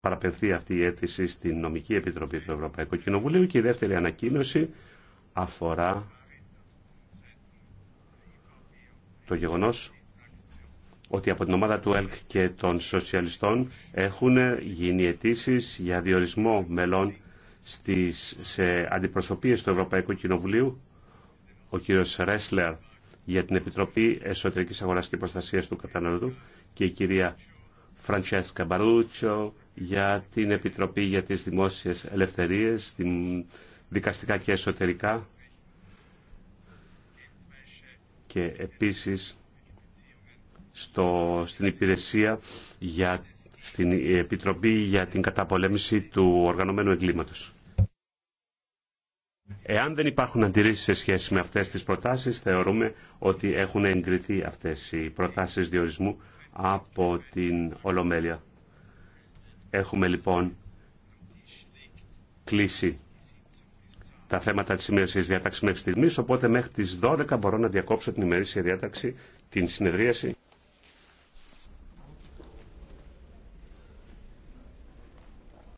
παραπευθεί αυτή η αίτηση στην Νομική Επιτροπή του Ευρωπαϊκού Κοινοβουλίου και η δεύτερη ανακοίνωση αφορά το γεγονός ότι από την ομάδα του ΕΛΚ και των σοσιαλιστών έχουν γίνει αιτήσει για διορισμό μελών στις, σε αντιπροσωπείες του Ευρωπαϊκού Κοινοβουλίου. Ο κύριος Ρέσλερ για την Επιτροπή Εσωτερικής Αγοράς και Προστασίας του Καταναλωτού και η κυρία Φραντσέσκα Μπαρούτσο για την Επιτροπή για τις Δημόσιες Ελευθερίες, την δικαστικά και εσωτερικά και επίσης στο, στην υπηρεσία για στην Επιτροπή για την καταπολέμηση του οργανωμένου εγκλήματος. Εάν δεν υπάρχουν αντιρρήσεις σε σχέση με αυτές τις προτάσεις, θεωρούμε ότι έχουν εγκριθεί αυτές οι προτάσεις διορισμού από την Ολομέλεια. Έχουμε λοιπόν κλείσει τα θέματα της ημερησίας διάταξης μέχρι στιγμής, οπότε μέχρι τις 12 μπορώ να διακόψω την ημερήσια διάταξη, την συνεδρίαση.